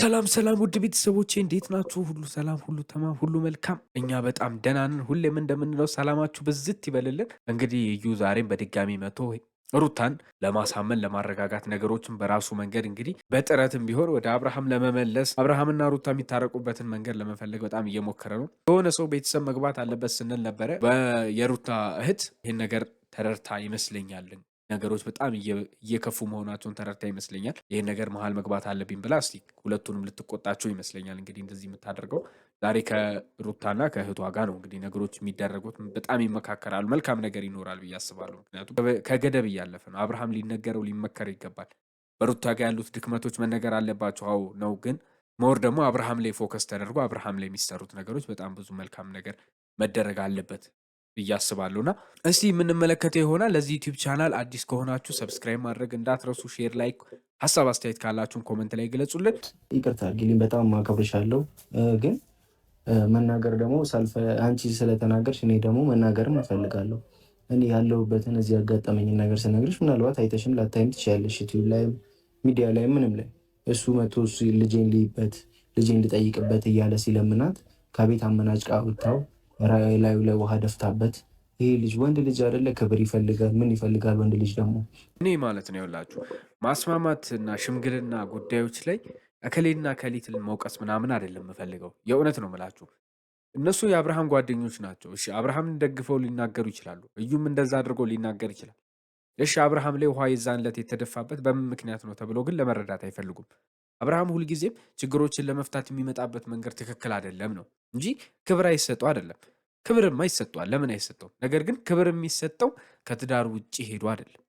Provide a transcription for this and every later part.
ሰላም ሰላም ውድ ቤተሰቦቼ እንዴት ናችሁ? ሁሉ ሰላም፣ ሁሉ ተማም፣ ሁሉ መልካም። እኛ በጣም ደህና ነን። ሁሌም እንደምንለው ሰላማችሁ ብዝት ይበልልን። እንግዲህ እዩ ዛሬም በድጋሚ መቶ ሩታን ለማሳመን ለማረጋጋት ነገሮችን በራሱ መንገድ እንግዲህ በጥረትም ቢሆን ወደ አብርሃም ለመመለስ አብርሃምና ሩታ የሚታረቁበትን መንገድ ለመፈለግ በጣም እየሞከረ ነው። የሆነ ሰው ቤተሰብ መግባት አለበት ስንል ነበረ። የሩታ እህት ይህን ነገር ተረድታ ይመስለኛልን ነገሮች በጣም እየከፉ መሆናቸውን ተረድታ ይመስለኛል ይህን ነገር መሀል መግባት አለብኝ ብላ እስቲ ሁለቱንም ልትቆጣቸው ይመስለኛል እንግዲህ እንደዚህ የምታደርገው ዛሬ ከሩታና ከእህቷ ጋር ነው እንግዲህ ነገሮች የሚደረጉት። በጣም ይመካከራሉ፣ መልካም ነገር ይኖራል ብዬ አስባለሁ። ምክንያቱም ከገደብ እያለፈ ነው። አብርሃም ሊነገረው ሊመከር ይገባል። በሩታ ጋር ያሉት ድክመቶች መነገር አለባቸው። አዎ ነው፣ ግን መወር ደግሞ አብርሃም ላይ ፎከስ ተደርጎ አብርሃም ላይ የሚሰሩት ነገሮች በጣም ብዙ መልካም ነገር መደረግ አለበት ብዬ እስቲ የምንመለከተው ይሆናል። ለዚህ ዩቲዩብ ቻናል አዲስ ከሆናችሁ ሰብስክራይብ ማድረግ እንዳትረሱ። ሼር፣ ላይክ፣ ሀሳብ አስተያየት ካላችሁን ኮመንት ላይ ገለጹልን። ይቅርታ አድርጊልኝ፣ በጣም አከብርሻለሁ። ግን መናገር ደግሞ አንቺ ስለተናገርሽ እኔ ደግሞ መናገርም እፈልጋለሁ። እኔ ያለሁበትን እዚህ ያጋጠመኝን ነገር ስነግርሽ ምናልባት አይተሽም ላታይም ትችያለሽ። ዩቲዩብ ላይም ሚዲያ ላይ ምንም ላይ እሱ መቶ ልጄን ልይበት ልጄን ልጠይቅበት እያለ ሲለምናት ከቤት አመናጭቃ ውታው ራዕይ ላዩ ላይ ውሃ ደፍታበት ይሄ ልጅ ወንድ ልጅ አይደለ? ክብር ይፈልጋል። ምን ይፈልጋል? ወንድ ልጅ ደግሞ እኔ ማለት ነው ያላችሁ ማስማማትና ሽምግልና ጉዳዮች ላይ እከሌና እከሊትን መውቀስ ምናምን አይደለም የምፈልገው። የእውነት ነው ምላችሁ እነሱ የአብርሃም ጓደኞች ናቸው። እሺ አብርሃምን ደግፈው ሊናገሩ ይችላሉ። እዩም እንደዛ አድርጎ ሊናገር ይችላል። እሺ አብርሃም ላይ ውሃ የዛን ዕለት የተደፋበት በምን ምክንያት ነው ተብሎ ግን ለመረዳት አይፈልጉም። አብርሃም ሁልጊዜም ችግሮችን ለመፍታት የሚመጣበት መንገድ ትክክል አይደለም ነው እንጂ ክብር አይሰጠው አይደለም። ክብርማ ይሰጠዋል፣ ለምን አይሰጠው? ነገር ግን ክብር የሚሰጠው ከትዳር ውጭ ሄዶ አይደለም።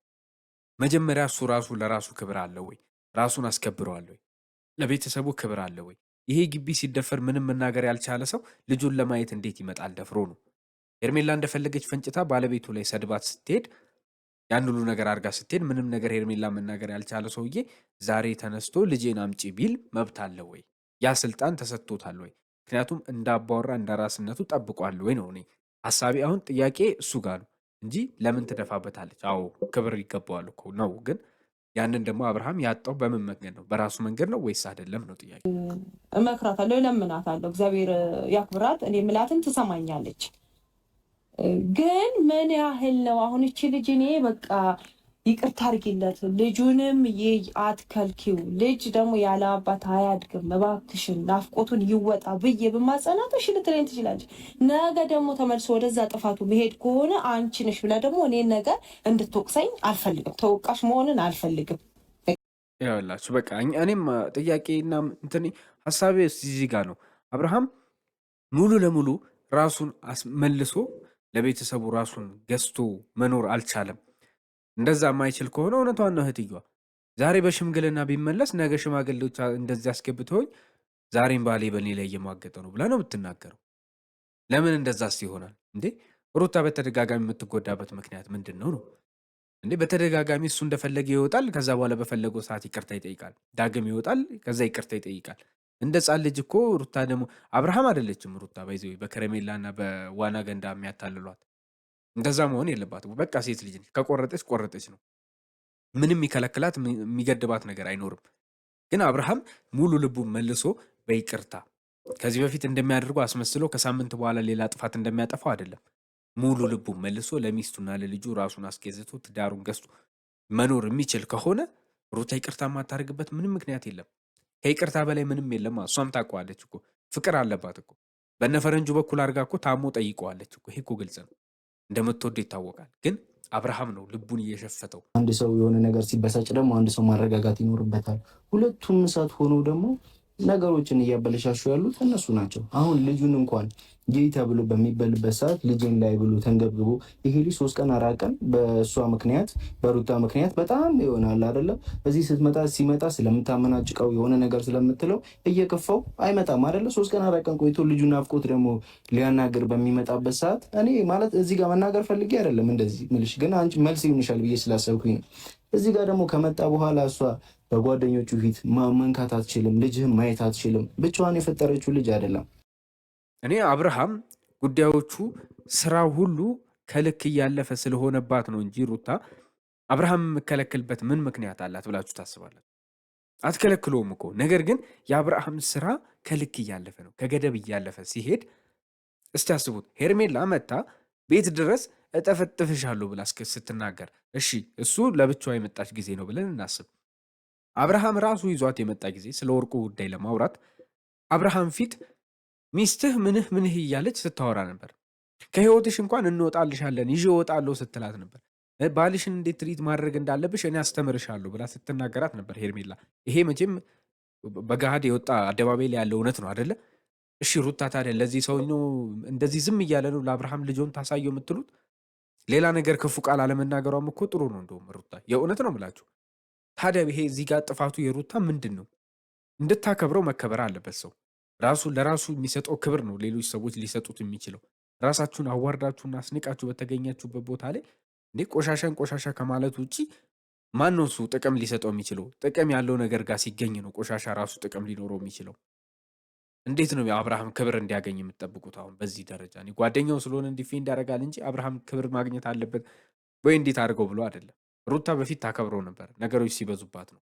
መጀመሪያ እሱ ራሱ ለራሱ ክብር አለ ወይ? ራሱን አስከብረዋል ወይ? ለቤተሰቡ ክብር አለ ወይ? ይሄ ግቢ ሲደፈር ምንም መናገር ያልቻለ ሰው ልጁን ለማየት እንዴት ይመጣል? ደፍሮ ነው። ሄርሜላ እንደፈለገች ፈንጭታ ባለቤቱ ላይ ሰድባት ስትሄድ ያን ሁሉ ነገር አድርጋ ስትሄድ ምንም ነገር ሄርሜላ መናገር ያልቻለ ሰውዬ ዛሬ ተነስቶ ልጄን አምጪ ቢል መብት አለ ወይ? ያ ስልጣን ተሰጥቶታል ወይ? ምክንያቱም እንዳባወራ እንደራስነቱ ጠብቋል ወይ ነው እኔ ሀሳቤ። አሁን ጥያቄ እሱ ጋር ነው እንጂ ለምን ትደፋበታለች? አዎ ክብር ይገባዋል እኮ ነው። ግን ያንን ደግሞ አብርሃም ያጣው በምን መንገድ ነው? በራሱ መንገድ ነው ወይስ አይደለም ነው ጥያቄ። እመክራታለሁ፣ እለምናታለሁ፣ እግዚአብሔር ያክብራት። እኔ ምላትን ትሰማኛለች ግን ምን ያህል ነው አሁን እቺ ልጅ እኔ በቃ ይቅርታ አድርጊለት፣ ልጁንም አትከልኪው። ልጅ ደግሞ ያለ አባት አያድግም። እባክሽን ናፍቆቱን ይወጣ ብዬ ብማጸናት እሺ ልትለኝ ትችላለች። ነገ ደግሞ ተመልሶ ወደዛ ጥፋቱ መሄድ ከሆነ አንቺ ነሽ ብላ ደግሞ እኔን ነገ እንድትወቅሰኝ አልፈልግም። ተወቃሽ መሆንን አልፈልግም። ያላችሁ በቃ እኔም ጥያቄና እንትን ሀሳቤ እዚህ ነው። አብርሃም ሙሉ ለሙሉ ራሱን አስመልሶ ለቤተሰቡ ራሱን ገዝቶ መኖር አልቻለም። እንደዛ የማይችል ከሆነ እውነቷን ነው እህትየዋ። ዛሬ በሽምግልና ቢመለስ ነገ ሽማግሌዎች እንደዚህ አስገብተውኝ ዛሬም ባሌ በእኔ ላይ እየማገጠ ነው ብላ ነው የምትናገረው። ለምን እንደዛስ ይሆናል እንዴ? ሩታ በተደጋጋሚ የምትጎዳበት ምክንያት ምንድን ነው ነው እንዴ? በተደጋጋሚ እሱ እንደፈለገ ይወጣል፣ ከዛ በኋላ በፈለገው ሰዓት ይቅርታ ይጠይቃል። ዳግም ይወጣል፣ ከዛ ይቅርታ ይጠይቃል። እንደ ጻን ልጅ እኮ ሩታ ደግሞ አብርሃም አይደለችም። ሩታ ባይዘ በከረሜላና በዋና ገንዳ የሚያታልሏት እንደዛ መሆን የለባትም። በቃ ሴት ልጅ ከቆረጠች ቆረጠች ነው። ምንም የሚከለክላት የሚገድባት ነገር አይኖርም። ግን አብርሃም ሙሉ ልቡ መልሶ በይቅርታ ከዚህ በፊት እንደሚያደርገው አስመስሎ ከሳምንት በኋላ ሌላ ጥፋት እንደሚያጠፋው አይደለም። ሙሉ ልቡ መልሶ ለሚስቱና ለልጁ ራሱን አስገዝቶ ትዳሩን ገዝቶ መኖር የሚችል ከሆነ ሩታ ይቅርታ የማታደርግበት ምንም ምክንያት የለም። ከይቅርታ በላይ ምንም የለም። እሷም ታውቀዋለች እኮ ፍቅር አለባት እኮ በነፈረንጁ በኩል አድርጋ እኮ ታሞ ጠይቀዋለች እኮ። ይሄ እኮ ግልጽ ነው፣ እንደምትወዱ ይታወቃል። ግን አብርሃም ነው ልቡን እየሸፈተው። አንድ ሰው የሆነ ነገር ሲበሳጭ ደግሞ አንድ ሰው ማረጋጋት ይኖርበታል። ሁለቱም እሳት ሆነው ደግሞ ነገሮችን እያበለሻሹ ያሉት እነሱ ናቸው። አሁን ልጁን እንኳን ጌይ ተብሎ በሚበልበት ሰዓት ልጅን ላይ ብሎ ተንገብግቦ ይሄ ልጅ ሶስት ቀን አራት ቀን በእሷ ምክንያት በሩታ ምክንያት በጣም ይሆናል አይደለም። እዚህ ስትመጣ ሲመጣ ስለምታመናጭቀው የሆነ ነገር ስለምትለው እየከፋው አይመጣም አደለ? ሶስት ቀን አራት ቀን ቆይቶ ልጁ ናፍቆት ደግሞ ሊያናግር በሚመጣበት ሰዓት እኔ ማለት እዚህ ጋር መናገር ፈልጌ አይደለም እንደዚህ ምልሽ፣ ግን አንቺ መልስ ይሆንሻል ብዬ ስላሰብኩኝ እዚህ ጋር ደግሞ ከመጣ በኋላ እሷ በጓደኞቹ ፊት መንካት አትችልም፣ ልጅህም ማየት አትችልም። ብቻዋን የፈጠረችው ልጅ አይደለም። እኔ አብርሃም ጉዳዮቹ ስራ ሁሉ ከልክ እያለፈ ስለሆነባት ነው እንጂ ሩታ አብርሃም የምከለክልበት ምን ምክንያት አላት ብላችሁ ታስባላችሁ? አትከለክለውም እኮ ነገር ግን የአብርሃም ስራ ከልክ እያለፈ ነው፣ ከገደብ እያለፈ ሲሄድ እስቲ አስቡት። ሄርሜላ መታ ቤት ድረስ እጠፈጥፍሻለሁ ብላ ስትናገር፣ እሺ እሱ ለብቻዋ የመጣች ጊዜ ነው ብለን እናስብ። አብርሃም ራሱ ይዟት የመጣ ጊዜ ስለ ወርቁ ጉዳይ ለማውራት አብርሃም ፊት ሚስትህ ምንህ ምንህ እያለች ስታወራ ነበር። ከህይወትሽ እንኳን እንወጣልሻለን ይዤ እወጣለሁ ስትላት ነበር። ባልሽን እንዴት ትሪት ማድረግ እንዳለብሽ እኔ አስተምርሻለሁ ብላ ስትናገራት ነበር ሄርሜላ። ይሄ መቼም በገሃድ የወጣ አደባባይ ላይ ያለ እውነት ነው አደለ? እሺ ሩታ ታዲያ ለዚህ ሰው እንደዚህ ዝም እያለ ነው ለአብርሃም ልጆን ታሳየው የምትሉት? ሌላ ነገር ክፉ ቃል አለመናገሯም እኮ ጥሩ ነው። እንደውም ሩታ የእውነት ነው ምላችሁ ታዲያ ይሄ እዚህ ጋር ጥፋቱ የሩታ ምንድን ነው? እንድታከብረው መከበር አለበት። ሰው ራሱ ለራሱ የሚሰጠው ክብር ነው ሌሎች ሰዎች ሊሰጡት የሚችለው። ራሳችሁን አዋርዳችሁና አስንቃችሁ በተገኛችሁበት ቦታ ላይ እንዴ ቆሻሻን ቆሻሻ ከማለት ውጭ ማን ነው እሱ ጥቅም ሊሰጠው የሚችለው? ጥቅም ያለው ነገር ጋር ሲገኝ ነው ቆሻሻ ራሱ ጥቅም ሊኖረው የሚችለው። እንዴት ነው የአብርሃም ክብር እንዲያገኝ የምትጠብቁት? አሁን በዚህ ደረጃ ጓደኛው ስለሆነ እንዲፌ እንዲያደርጋል እንጂ አብርሃም ክብር ማግኘት አለበት ወይ እንዴት አድርገው ብሎ አይደለም። ሩታ በፊት ታከብረው ነበር፣ ነገሮች ሲበዙባት ነው።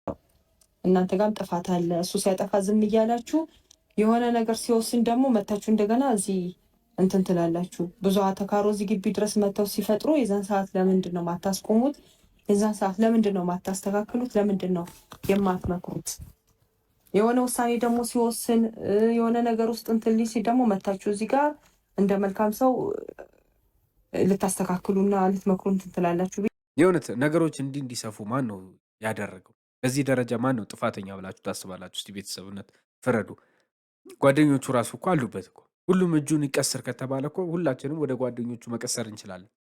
እናንተ ጋርም ጥፋት አለ። እሱ ሲያጠፋ ዝም እያላችሁ የሆነ ነገር ሲወስን ደግሞ መታችሁ እንደገና እዚህ እንትን ትላላችሁ። ብዙ አተካሮ እዚህ ግቢ ድረስ መጥተው ሲፈጥሩ የዛን ሰዓት ለምንድን ነው ማታስቆሙት? የዛን ሰዓት ለምንድን ነው ማታስተካክሉት? ለምንድን ነው የማትመክሩት? የሆነ ውሳኔ ደግሞ ሲወስን የሆነ ነገር ውስጥ እንትን ሲል ደግሞ መታችሁ እዚህ ጋር እንደ መልካም ሰው ልታስተካክሉና ልትመክሩ እንትን ትላላችሁ። የእውነት ነገሮች እንዲህ እንዲሰፉ ማን ነው ያደረገው? በዚህ ደረጃ ማን ነው ጥፋተኛ ብላችሁ ታስባላችሁ? እስቲ ቤተሰብነት ፍረዱ። ጓደኞቹ ራሱ እኮ አሉበት እኮ። ሁሉም እጁን ይቀስር ከተባለ እኮ ሁላችንም ወደ ጓደኞቹ መቀሰር እንችላለን።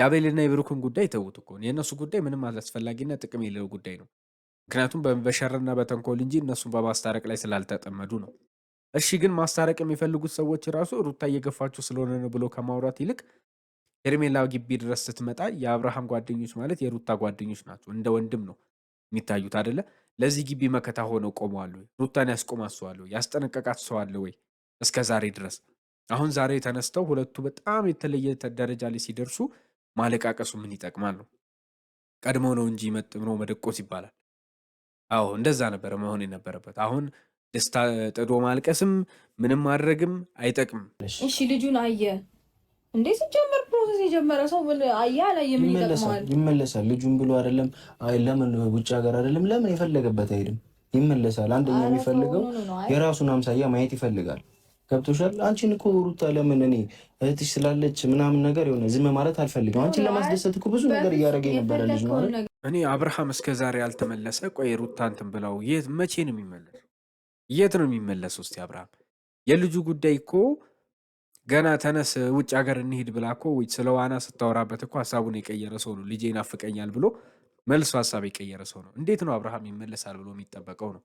የአቤልና የብሩክን ጉዳይ ተዉት እኮ የእነሱ ጉዳይ ምንም አላስፈላጊና ጥቅም የሌለው ጉዳይ ነው። ምክንያቱም በሸርና በተንኮል እንጂ እነሱን በማስታረቅ ላይ ስላልተጠመዱ ነው። እሺ ግን ማስታረቅ የሚፈልጉት ሰዎች ራሱ ሩታ እየገፋችሁ ስለሆነ ነው ብሎ ከማውራት ይልቅ ሄርሜላ ግቢ ድረስ ስትመጣ የአብርሃም ጓደኞች ማለት የሩታ ጓደኞች ናቸው። እንደ ወንድም ነው የሚታዩት አደለ? ለዚህ ግቢ መከታ ሆነው ቆመዋል ወይ? ሩታን ያስቆማት ወይ? ያስጠነቀቃት ሰዋለ ወይ? እስከ ዛሬ ድረስ አሁን ዛሬ ተነስተው ሁለቱ በጣም የተለየ ደረጃ ላይ ሲደርሱ ማለቃቀሱ ምን ይጠቅማል ነው? ቀድሞ ነው እንጂ መጥምሮ መደቆስ ይባላል። አዎ እንደዛ ነበረ መሆን የነበረበት። አሁን ደስታ ጥዶ ማልቀስም ምንም ማድረግም አይጠቅምም። እሺ ልጁን አየ እንዴት ሲጀመር ፕሮሰስ የጀመረ ሰው አያ ላይ የምን ይጠቅመዋል? ይመለሳል። ልጁን ብሎ አይደለም ለምን ውጭ ሀገር አይደለም ለምን የፈለገበት አይሄድም፣ ይመለሳል። አንደኛ የሚፈልገው የራሱን አምሳያ ማየት ይፈልጋል። ገብቶሻል? አንቺን እኮ ሩታ ለምን እኔ እህትሽ ስላለች ምናምን ነገር የሆነ ዝም ማለት አልፈልግም። አንቺን ለማስደሰት እኮ ብዙ ነገር እያደረገ የነበረ ልጅ ነው። እኔ አብርሃም እስከ ዛሬ አልተመለሰ ቆይ ሩታ እንትን ብለው የት መቼ ነው የሚመለሰው? የት ነው የሚመለሰው? እስቲ አብርሃም የልጁ ጉዳይ እኮ ገና ተነስ ውጭ ሀገር እንሂድ ብላ እኮ ስለ ዋና ስታወራበት እኮ ሀሳቡን የቀየረ ሰው ነው። ልጄ ይናፍቀኛል ብሎ መልሶ ሀሳብ የቀየረ ሰው ነው። እንዴት ነው አብርሃም ይመለሳል ብሎ የሚጠበቀው ነው?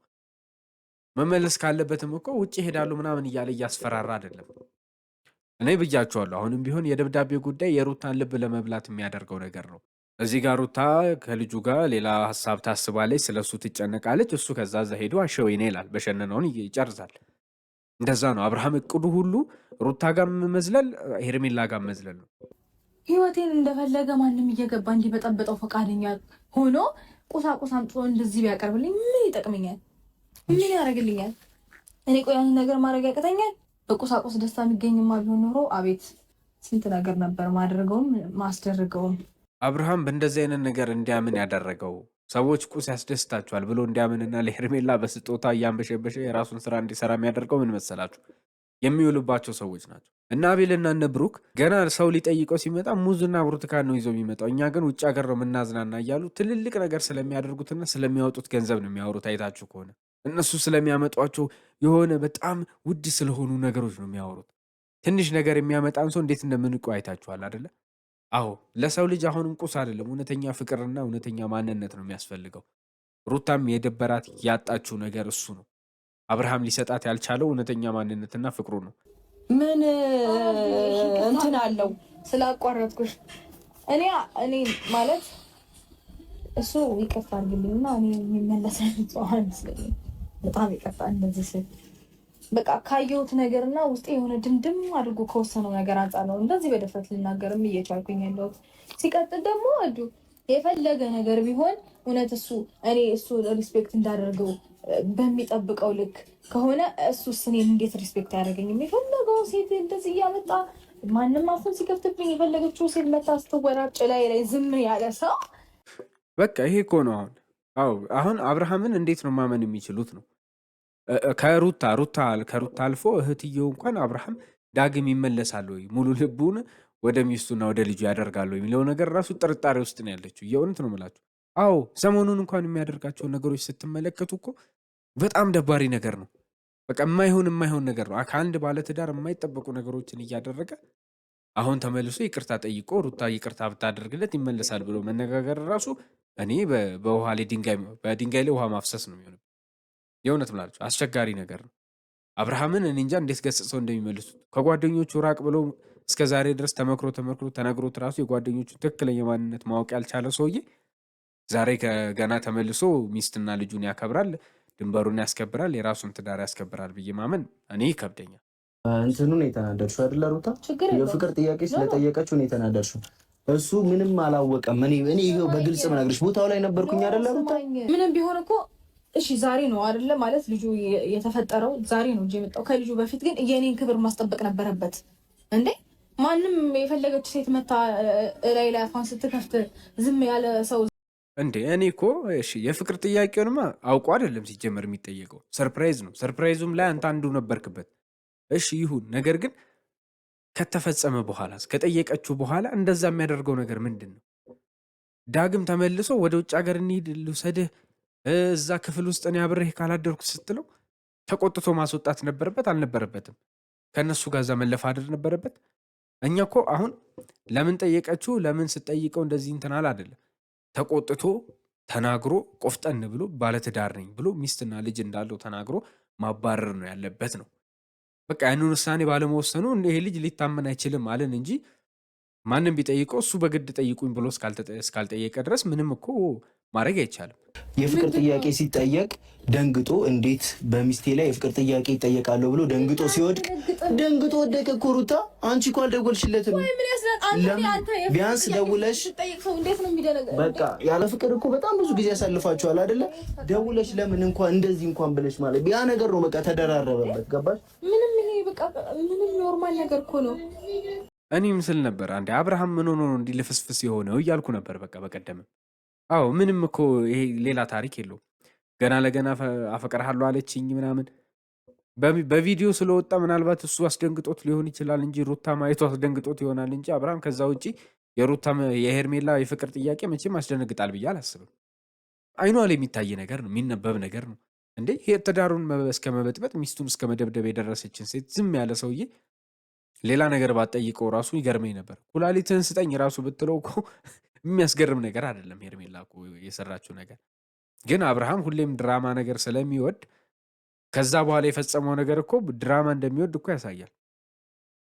መመለስ ካለበትም እኮ ውጭ ይሄዳሉ ምናምን እያለ እያስፈራራ አይደለም። እኔ ብያቸዋለሁ። አሁንም ቢሆን የደብዳቤ ጉዳይ የሩታን ልብ ለመብላት የሚያደርገው ነገር ነው። እዚህ ጋር ሩታ ከልጁ ጋር ሌላ ሀሳብ ታስባለች፣ ስለሱ ትጨነቃለች። እሱ ከዛ ዛ ሄዶ አሸወኔ ይላል፣ በሸነነውን ይጨርሳል። እንደዛ ነው አብርሃም እቅዱ ሁሉ ሩታ ጋር መዝለል፣ ሄርሜላ ጋር መዝለል ነው። ህይወቴን እንደፈለገ ማንም እየገባ እንዲበጠበጠው ፈቃደኛ ሆኖ ቁሳቁስ አምጥቶ እንደዚህ ቢያቀርብልኝ ምን ይጠቅመኛል? ምን ያደርግልኛል? እኔ ቆይ ያንን ነገር ማድረግ ያቅተኛል? በቁሳቁስ ደስታ የሚገኝማ ቢሆን ኖሮ አቤት ስንት ነገር ነበር ማድረገውም ማስደርገውም። አብርሃም በእንደዚህ አይነት ነገር እንዲያምን ያደረገው ሰዎች ቁስ ያስደስታቸዋል ብሎ እንዲያምንና ለሄርሜላ በስጦታ እያንበሸበሸ የራሱን ስራ እንዲሰራ የሚያደርገው ምን መሰላችሁ? የሚውሉባቸው ሰዎች ናቸው። እነ አቤልና እነ ብሩክ ገና ሰው ሊጠይቀው ሲመጣ ሙዝና ብርቱካን ነው ይዞ የሚመጣው፣ እኛ ግን ውጭ ሀገር ነው የምናዝናና እያሉ ትልልቅ ነገር ስለሚያደርጉትና ስለሚያወጡት ገንዘብ ነው የሚያወሩት። አይታችሁ ከሆነ እነሱ ስለሚያመጧቸው የሆነ በጣም ውድ ስለሆኑ ነገሮች ነው የሚያወሩት። ትንሽ ነገር የሚያመጣን ሰው እንዴት እንደምንቀው አይታችኋል አይደለም? አዎ ለሰው ልጅ አሁንም ቁስ አይደለም፣ እውነተኛ ፍቅርና እውነተኛ ማንነት ነው የሚያስፈልገው። ሩታም የደበራት ያጣችው ነገር እሱ ነው። አብርሃም ሊሰጣት ያልቻለው እውነተኛ ማንነትና ፍቅሩ ነው። ምን እንትን አለው ስላቋረጥኩሽ እኔ እኔ ማለት እሱ ይቀፋ አርግልኝና እኔ የሚመለሰ በጣም ይቀፋ እንደዚህ ስል በቃ ካየሁት ነገር እና ውስጤ የሆነ ድምድም አድርጎ ከወሰነው ነገር አንጻር ነው እንደዚህ በድፍረት ልናገርም እየቻልኩኝ ያለሁት። ሲቀጥል ደግሞ አዱ የፈለገ ነገር ቢሆን እውነት እሱ እኔ እሱ ሪስፔክት እንዳደርገው በሚጠብቀው ልክ ከሆነ እሱስ እኔን እንዴት ሪስፔክት አያደርገኝም? የፈለገው ሴት እንደዚህ እያመጣ ማንም አፉን ሲከፍትብኝ የፈለገችው ሴት መታ ስትወራጭ ላይ ላይ ዝም ያለ ሰው በቃ ይሄ እኮ ነው አሁን አሁን አብርሃምን እንዴት ነው ማመን የሚችሉት ነው ከሩታ ሩታ ከሩታ አልፎ እህትየው እንኳን አብርሃም ዳግም ይመለሳል ወይ ሙሉ ልቡን ወደ ሚስቱና ወደ ልጁ ያደርጋሉ የሚለው ነገር ራሱ ጥርጣሬ ውስጥ ነው ያለችው። የእውነት ነው የምላችሁ። አዎ ሰሞኑን እንኳን የሚያደርጋቸው ነገሮች ስትመለከቱ እኮ በጣም ደባሪ ነገር ነው። በቃ የማይሆን የማይሆን ነገር ነው። ከአንድ ባለትዳር የማይጠበቁ ነገሮችን እያደረገ አሁን ተመልሶ ይቅርታ ጠይቆ ሩታ ይቅርታ ብታደርግለት ይመለሳል ብሎ መነጋገር ራሱ እኔ በውሃ ላይ ድንጋይ በድንጋይ ላይ ውሃ ማፍሰስ ነው የሚሆነው። የእውነት ምላቸው አስቸጋሪ ነገር ነው። አብርሃምን እኔ እንጃ እንዴት ገጽጸው እንደሚመልሱት ከጓደኞቹ ራቅ ብሎ እስከ ዛሬ ድረስ ተመክሮ ተመክሮ ተነግሮት ራሱ የጓደኞቹ ትክክለኛ ማንነት ማወቅ ያልቻለ ሰውዬ ዛሬ ከገና ተመልሶ ሚስትና ልጁን ያከብራል፣ ድንበሩን ያስከብራል፣ የራሱን ትዳር ያስከብራል ብዬ ማመን እኔ ይከብደኛል። እንትኑን የተናደድሽው አይደለ ሩታ? የፍቅር ጥያቄ ስለጠየቀችው ነው የተናደድሽው። እሱ ምንም አላወቀም። እኔ ይኸው በግልጽ ብነግርሽ ቦታው ላይ ነበርኩኝ አይደለ ሩታ? ምንም ቢሆን እኮ እሺ ዛሬ ነው አይደለ? ማለት ልጁ የተፈጠረው ዛሬ ነው እንጂ የመጣው ከልጁ በፊት ግን የኔን ክብር ማስጠበቅ ነበረበት እንዴ። ማንም የፈለገች ሴት መታ ላይ ላይ አፏን ስትከፍት ዝም ያለ ሰው እንዴ? እኔ እኮ እሺ፣ የፍቅር ጥያቄውንማ አውቆ አይደለም ሲጀመር የሚጠየቀው ሰርፕራይዝ ነው። ሰርፕራይዙም ላይ አንተ አንዱ ነበርክበት። እሺ ይሁን፣ ነገር ግን ከተፈጸመ በኋላ ከጠየቀችው በኋላ እንደዛ የሚያደርገው ነገር ምንድን ነው? ዳግም ተመልሶ ወደ ውጭ ሀገር እንሂድ ልውሰድህ እዛ ክፍል ውስጥ እኔ አብሬህ ካላደርኩ ስትለው ተቆጥቶ ማስወጣት ነበረበት አልነበረበትም? ከእነሱ ጋር እዛ መለፋደር ነበረበት? እኛ እኮ አሁን ለምን ጠየቀችው ለምን ስጠይቀው እንደዚህ እንትናል አይደለም። ተቆጥቶ ተናግሮ ቆፍጠን ብሎ ባለትዳር ነኝ ብሎ ሚስትና ልጅ እንዳለው ተናግሮ ማባረር ነው ያለበት ነው። በቃ ያንን ውሳኔ ባለመወሰኑ ይሄ ልጅ ሊታመን አይችልም አለን እንጂ ማንም ቢጠይቀው እሱ በግድ ጠይቁኝ ብሎ እስካልጠየቀ ድረስ ምንም እኮ ማድረግ አይቻልም። የፍቅር ጥያቄ ሲጠየቅ ደንግጦ እንዴት በሚስቴ ላይ የፍቅር ጥያቄ ይጠየቃለሁ ብሎ ደንግጦ ሲወድቅ ደንግጦ ወደቀ እኮ ሩታ። አንቺ እኮ አልደወልሽለትም። ቢያንስ ደውለሽ በቃ ያለ ፍቅር እኮ በጣም ብዙ ጊዜ ያሳልፋችኋል አይደለ? ደውለሽ ለምን እንኳን እንደዚህ እንኳን ብለሽ ማለት ያ ነገር ነው። በቃ ተደራረበበት። ገባሽ? ምንም ይሄ በቃ ምንም ኖርማል ነገር እኮ ነው። እኔ ምስል ነበር አንዴ አብርሃም ምን ሆኖ ነው እንዲህ ልፍስፍስ የሆነው እያልኩ ነበር። በቃ በቀደምም አዎ ምንም እኮ ይሄ ሌላ ታሪክ የለውም። ገና ለገና አፈ አፈቅርሃለሁ አለችኝ ምናምን በቪዲዮ ስለወጣ ምናልባት እሱ አስደንግጦት ሊሆን ይችላል እንጂ ሩታ ማየቱ አስደንግጦት ይሆናል እንጂ አብርሃም ከዛ ውጪ የሩታ የሄርሜላ የፍቅር ጥያቄ መቼም አስደነግጣል ብዬ አላስብም። አይኗ ላይ የሚታይ ነገር ነው፣ የሚነበብ ነገር ነው። እንዴ ይሄ ትዳሩን እስከ መበጥበጥ ሚስቱን እስከ መደብደብ የደረሰችን ሴት ዝም ያለ ሰውዬ ሌላ ነገር ባጠይቀው ራሱ ይገርመኝ ነበር። ኩላሊትህን ስጠኝ ራሱ ብትለው እኮ የሚያስገርም ነገር አይደለም። ሄርሜላ እኮ የሰራችው ነገር ግን አብርሃም ሁሌም ድራማ ነገር ስለሚወድ ከዛ በኋላ የፈጸመው ነገር እኮ ድራማ እንደሚወድ እኮ ያሳያል።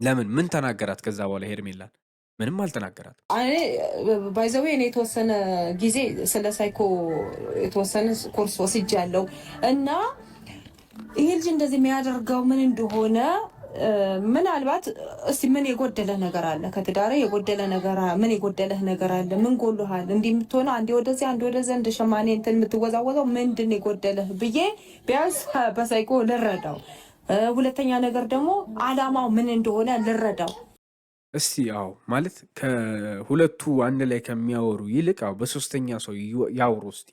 ለምን ምን ተናገራት? ከዛ በኋላ ሄርሜላን ምንም አልተናገራት። ባይዘዌ እኔ የተወሰነ ጊዜ ስለ ሳይኮ የተወሰነ ኮርስ ያለው እና ይሄ ልጅ እንደዚህ የሚያደርገው ምን እንደሆነ ምናልባት እስቲ ምን የጎደለ ነገር አለ? ከትዳር የጎደለ ነገር ምን የጎደለህ ነገር አለ? ምን ጎልሃል? እንዲህ የምትሆነው አንዴ ወደዚህ አንዴ ወደዚህ እንደ ሸማኔ እንትን የምትወዛወዘው ምንድን የጎደለህ ብዬ ቢያንስ በሳይኮ ልረዳው። ሁለተኛ ነገር ደግሞ አላማው ምን እንደሆነ ልረዳው። እስቲ አዎ ማለት ከሁለቱ አንድ ላይ ከሚያወሩ ይልቅ አዎ በሶስተኛ ሰው ያውሩ እስቲ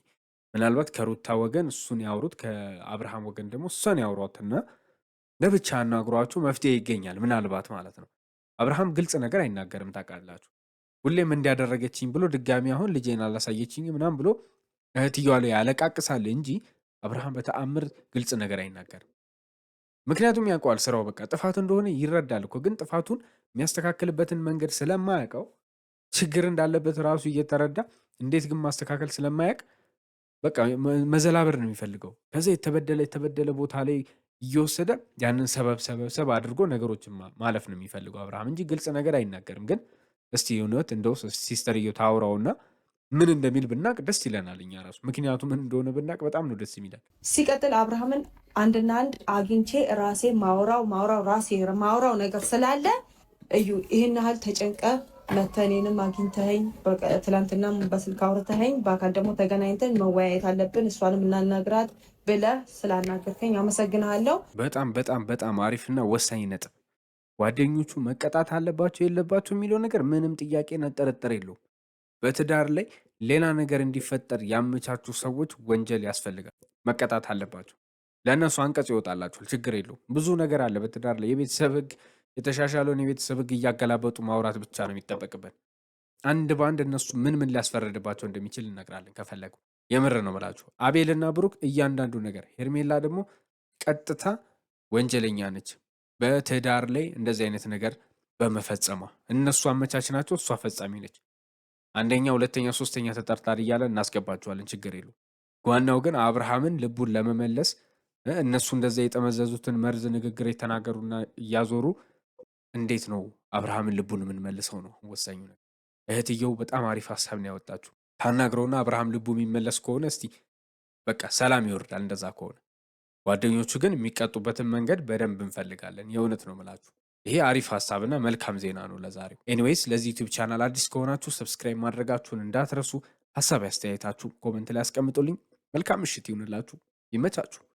ምናልባት ከሩታ ወገን እሱን ያውሩት፣ ከአብርሃም ወገን ደግሞ እሷን ያውሯትና ለብቻ አናግሯችሁ መፍትሄ ይገኛል ምናልባት ማለት ነው። አብርሃም ግልጽ ነገር አይናገርም ታውቃላችሁ። ሁሌም እንዲያደረገችኝ ብሎ ድጋሚ አሁን ልጄን አላሳየችኝ ምናም ብሎ እህትየዋ ላይ ያለቃቅሳል እንጂ አብርሃም በተአምር ግልጽ ነገር አይናገርም። ምክንያቱም ያውቀዋል ስራው በቃ ጥፋት እንደሆነ ይረዳል እኮ ግን ጥፋቱን የሚያስተካክልበትን መንገድ ስለማያውቀው ችግር እንዳለበት ራሱ እየተረዳ እንዴት ግን ማስተካከል ስለማያውቅ በቃ መዘላበር ነው የሚፈልገው። ከዚ የተበደለ የተበደለ ቦታ ላይ እየወሰደ ያንን ሰበብ ሰበብ ሰብ አድርጎ ነገሮችን ማለፍ ነው የሚፈልገው አብርሃም እንጂ ግልጽ ነገር አይናገርም። ግን እስቲ እውነት እንደው ሲስተር እየታውራውና ምን እንደሚል ብናቅ ደስ ይለናል እኛ ራሱ ምክንያቱ ምን እንደሆነ ብናቅ በጣም ነው ደስ የሚላል። ሲቀጥል አብርሃምን አንድና አንድ አግኝቼ ራሴ ማውራው ማውራው ራሴ ማውራው ነገር ስላለ እዩ ይህን ያህል ተጨንቀ መተኔንም አግኝተኸኝ ትላንትና በስልክ አውርተኸኝ በአካል ደግሞ ተገናኝተን መወያየት አለብን። እሷንም እናናግራት ብለህ ስላናገርከኝ አመሰግናለሁ። በጣም በጣም በጣም አሪፍና ወሳኝ ነጥብ። ጓደኞቹ መቀጣት አለባቸው የለባቸው የሚለው ነገር ምንም ጥያቄና ጥርጥር የለውም። በትዳር ላይ ሌላ ነገር እንዲፈጠር ያመቻቹ ሰዎች ወንጀል ያስፈልጋል፣ መቀጣት አለባቸው። ለእነሱ አንቀጽ ይወጣላቸዋል፣ ችግር የለውም። ብዙ ነገር አለ በትዳር ላይ የቤተሰብ ህግ የተሻሻለውን የቤተሰብ ህግ እያገላበጡ ማውራት ብቻ ነው የሚጠበቅብን። አንድ በአንድ እነሱ ምን ምን ሊያስፈረድባቸው እንደሚችል እነግራለን ከፈለጉ የምር ነው ምላችሁ። አቤልና ብሩክ እያንዳንዱ ነገር፣ ሄርሜላ ደግሞ ቀጥታ ወንጀለኛ ነች በትዳር ላይ እንደዚህ አይነት ነገር በመፈጸሟ። እነሱ አመቻች ናቸው፣ እሷ ፈጻሚ ነች። አንደኛ፣ ሁለተኛ፣ ሶስተኛ ተጠርጣሪ እያለ እናስገባቸዋለን፣ ችግር የለው። ዋናው ግን አብርሃምን ልቡን ለመመለስ እነሱ እንደዚ የጠመዘዙትን መርዝ ንግግር የተናገሩና እያዞሩ እንዴት ነው አብርሃምን ልቡን የምንመልሰው ነው ወሳኙ ነገር። እህትየው በጣም አሪፍ ሀሳብ ነው ያወጣችሁ። ታናግረውና አብርሃም ልቡ የሚመለስ ከሆነ እስቲ በቃ ሰላም ይወርዳል። እንደዛ ከሆነ ጓደኞቹ ግን የሚቀጡበትን መንገድ በደንብ እንፈልጋለን። የእውነት ነው ምላችሁ። ይሄ አሪፍ ሀሳብና መልካም ዜና ነው ለዛሬው። ኤኒዌይስ ለዚህ ዩቲዩብ ቻናል አዲስ ከሆናችሁ ሰብስክራይብ ማድረጋችሁን እንዳትረሱ። ሀሳብ ያስተያየታችሁ ኮመንት ላይ ያስቀምጡልኝ። መልካም ምሽት ይሁንላችሁ። ይመቻችሁ።